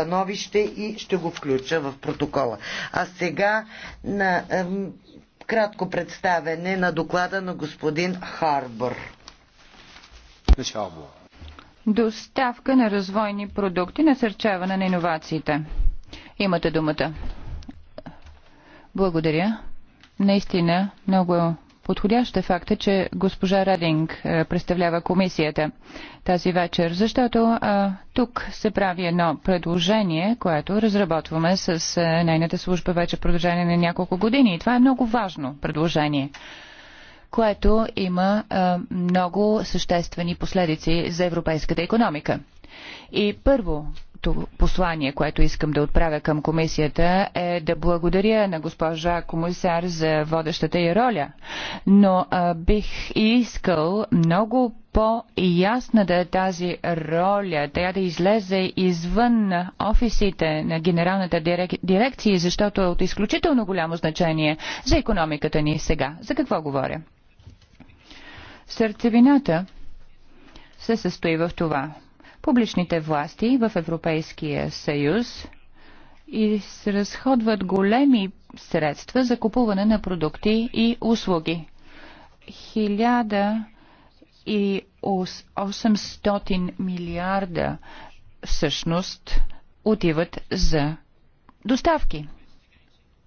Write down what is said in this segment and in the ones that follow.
становище и ще го включа в протокола. А сега на кратко представене на доклада на господин Харбър. Доставка на развойни продукти, насърчаване на иновациите. Имате думата. Благодаря. Наистина много подходящ е факта, че госпожа Радинг е, представлява комисията тази вечер, защото а, е, тук се прави едно предложение, което разработваме с а, е, нейната служба вече в продължение на няколко години. И това е много важно предложение което има а, много съществени последици за европейската економика. И първо, Първото послание, което искам да отправя към комисията е да благодаря на госпожа комисар за водещата й роля, но а, бих искал много по-ясна да е тази роля, тя да излезе извън офисите на генералната дирек... дирекция, защото е от изключително голямо значение за економиката ни сега. За какво говоря? Сърцевината се състои в това – публичните власти в Европейския съюз разходват големи средства за купуване на продукти и услуги. 1800 милиарда всъщност отиват за доставки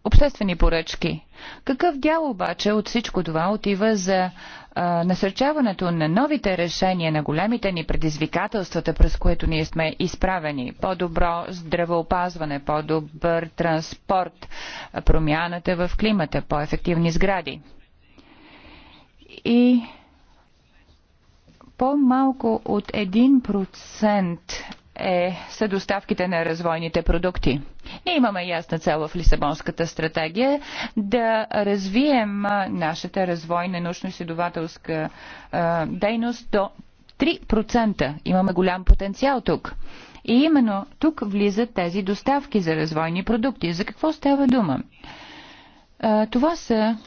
обществени поръчки. Какъв дял обаче от всичко това отива за а, насърчаването на новите решения на големите ни предизвикателствата, през които ние сме изправени? По-добро здравеопазване, по-добър транспорт, промяната в климата, по-ефективни сгради. И по-малко от 1% е, са доставките на развойните продукти. Ние имаме ясна цел в Лисабонската стратегия да развием нашата развойна научно-изследователска е, дейност до 3%. Имаме голям потенциал тук. И именно тук влизат тези доставки за развойни продукти. За какво става дума? Е, това са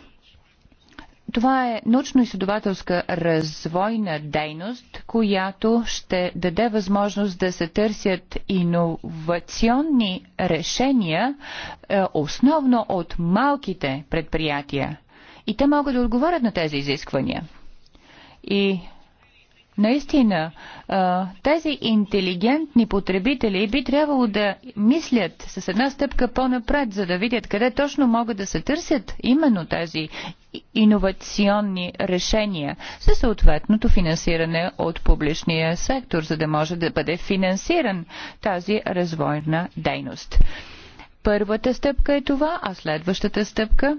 това е научно-изследователска развойна дейност, която ще даде възможност да се търсят иновационни решения, е, основно от малките предприятия. И те могат да отговорят на тези изисквания. И Наистина, тези интелигентни потребители би трябвало да мислят с една стъпка по-напред, за да видят къде точно могат да се търсят именно тези иновационни решения за съответното финансиране от публичния сектор, за да може да бъде финансиран тази развойна дейност. Първата стъпка е това, а следващата стъпка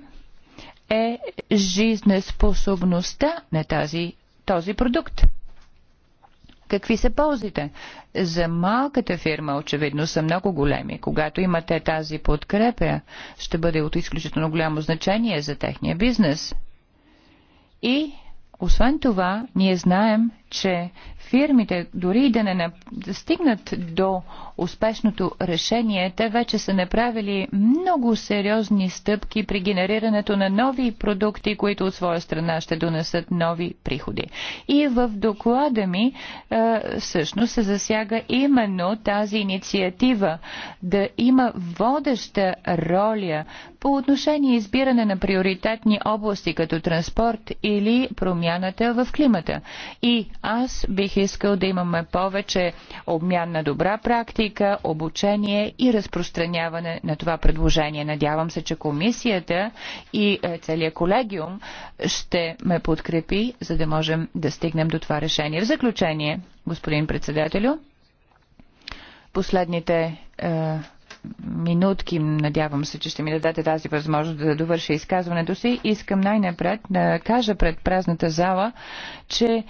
е жизнеспособността на тази, този продукт. Какви са ползите? За малката фирма очевидно са много големи. Когато имате тази подкрепя, ще бъде от изключително голямо значение за техния бизнес. И, освен това, ние знаем, че фирмите, дори да не стигнат до успешното решение, те вече са направили много сериозни стъпки при генерирането на нови продукти, които от своя страна ще донесат нови приходи. И в доклада ми е, всъщност се засяга именно тази инициатива да има водеща роля по отношение избиране на приоритетни области като транспорт или промяната в климата. И аз бих искал да имаме повече обмян на добра практика, обучение и разпространяване на това предложение. Надявам се, че комисията и е, целият колегиум ще ме подкрепи, за да можем да стигнем до това решение. В заключение, господин председателю, последните е, минутки, надявам се, че ще ми дадете тази възможност да довърша изказването си, искам най-напред да кажа пред празната зала, че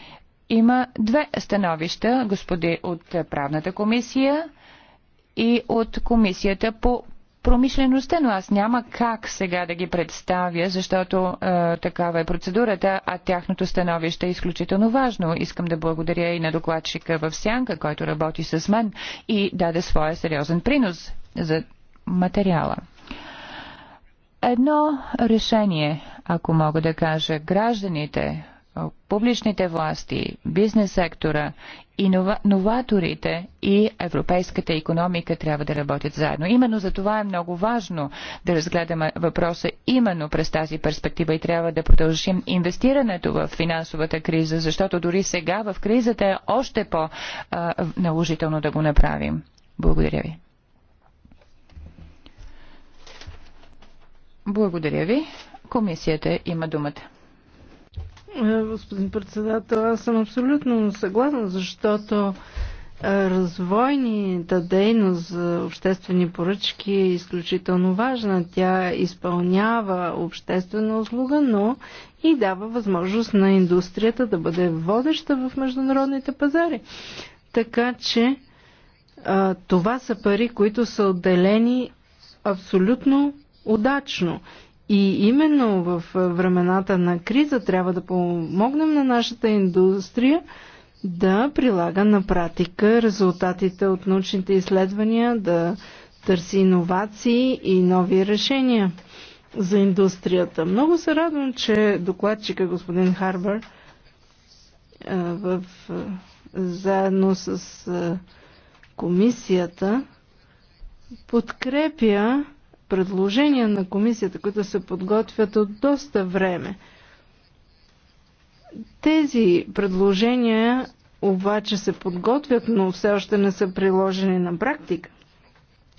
има две становища, господи, от правната комисия и от комисията по промишлеността, но аз няма как сега да ги представя, защото е, такава е процедурата, а тяхното становище е изключително важно. Искам да благодаря и на докладчика в Сянка, който работи с мен и даде своя сериозен принос за материала. Едно решение, ако мога да кажа, гражданите публичните власти, бизнес сектора, инова, новаторите и европейската економика трябва да работят заедно. Именно за това е много важно да разгледаме въпроса именно през тази перспектива и трябва да продължим инвестирането в финансовата криза, защото дори сега в кризата е още по-наложително да го направим. Благодаря ви. Благодаря ви. Комисията има думата. Е, господин председател, аз съм абсолютно съгласна, защото е, развойната дейност за обществени поръчки е изключително важна. Тя изпълнява обществена услуга, но и дава възможност на индустрията да бъде водеща в международните пазари. Така че е, това са пари, които са отделени абсолютно удачно и именно в времената на криза трябва да помогнем на нашата индустрия да прилага на практика резултатите от научните изследвания, да търси иновации и нови решения за индустрията. Много се радвам, че докладчика господин Харбър в, заедно с комисията подкрепя предложения на комисията, които се подготвят от доста време. Тези предложения обаче се подготвят, но все още не са приложени на практика.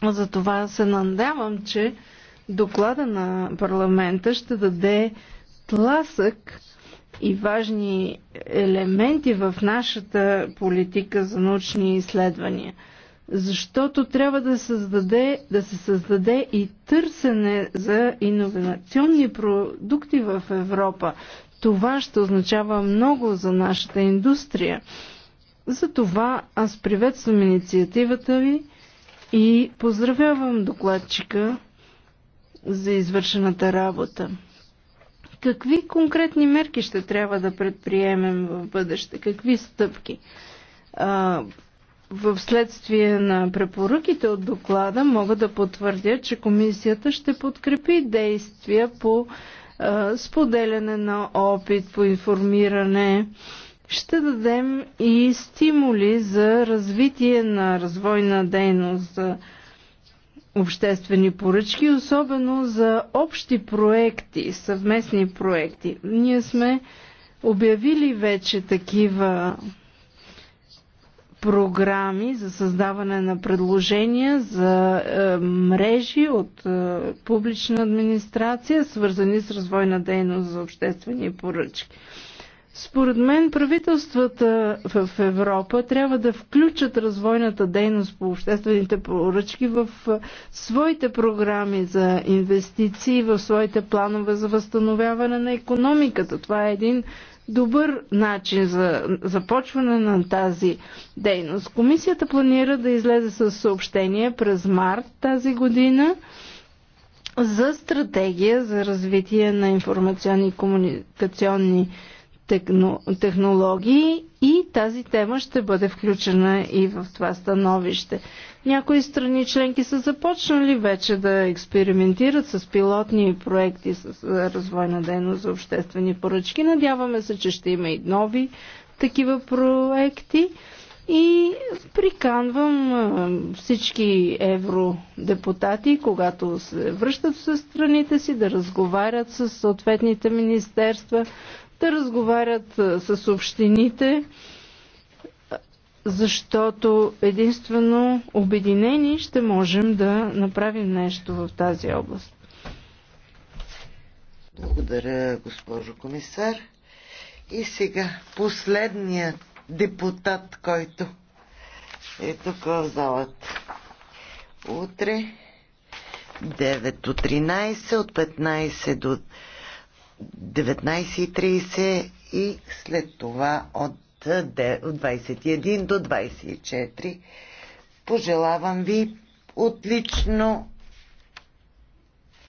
Затова се надявам, че доклада на парламента ще даде тласък и важни елементи в нашата политика за научни изследвания – защото трябва да, създаде, да се създаде и търсене за иновационни продукти в Европа. Това ще означава много за нашата индустрия. Затова аз приветствам инициативата ви и поздравявам докладчика за извършената работа. Какви конкретни мерки ще трябва да предприемем в бъдеще? Какви стъпки? в следствие на препоръките от доклада мога да потвърдя, че комисията ще подкрепи действия по е, споделяне на опит, по информиране. Ще дадем и стимули за развитие на развойна дейност за обществени поръчки, особено за общи проекти, съвместни проекти. Ние сме обявили вече такива програми за създаване на предложения за е, мрежи от е, публична администрация, свързани с развойна дейност за обществени поръчки. Според мен правителствата в Европа трябва да включат развойната дейност по обществените поръчки в е, своите програми за инвестиции, в своите планове за възстановяване на економиката. Това е един добър начин за започване на тази дейност. Комисията планира да излезе с съобщение през март тази година за стратегия за развитие на информационни и комуникационни технологии и тази тема ще бъде включена и в това становище. Някои страни членки са започнали вече да експериментират с пилотни проекти с развойна дейност за обществени поръчки. Надяваме се, че ще има и нови такива проекти. И приканвам всички евродепутати, когато се връщат с страните си, да разговарят с съответните министерства, да разговарят с общините, защото единствено обединени ще можем да направим нещо в тази област. Благодаря, госпожо комисар. И сега последният депутат, който е тук в залата. Утре 9 до 13, от 15 до 19.30 и след това от 21 до 24. Пожелавам ви отлично